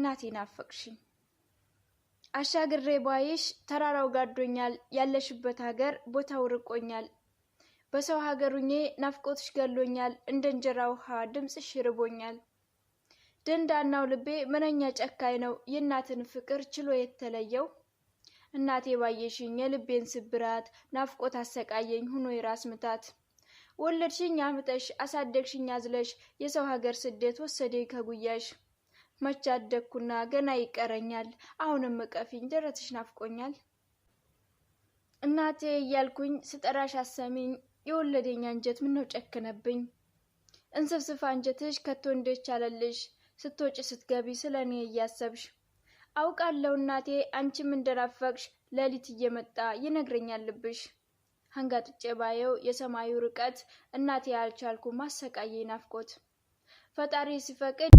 እናቴ ናፈቅሽኝ። አሻግሬ ባይሽ ተራራው ጋዶኛል፣ ያለሽበት ሀገር ቦታው ርቆኛል። በሰው ሀገሩኜ ናፍቆትሽ ገሎኛል፣ እንደ እንጀራ ውሃ ድምፅሽ ይርቦኛል። ደንዳናው ልቤ ምነኛ ጨካኝ ነው፣ የእናትን ፍቅር ችሎ የተለየው። እናቴ ባየሽኝ የልቤን ስብራት፣ ናፍቆት አሰቃየኝ ሁኖ የራስ ምታት። ወለድሽኝ አምጠሽ አሳደግሽኝ አዝለሽ፣ የሰው ሀገር ስደት ወሰደኝ ከጉያሽ። መቼ አደግኩና ገና ይቀረኛል። አሁንም እቀፊኝ፣ ደረትሽ ናፍቆኛል። እናቴ እያልኩኝ ስጠራሽ አሰሚኝ። የወለደኛ አንጀት ምነው ጨክነብኝ? እንስብስፋ አንጀትሽ ከቶ እንዴች አለልሽ ስትወጪ ስትገቢ ስለ እኔ እያሰብሽ አውቃለሁ እናቴ፣ አንቺም እንደናፈቅሽ ሌሊት እየመጣ ይነግረኛል ልብሽ። አንጋጥጬ ባየው የሰማዩ ርቀት እናቴ አልቻልኩ ማሰቃየ ናፍቆት ፈጣሪ ሲፈቅድ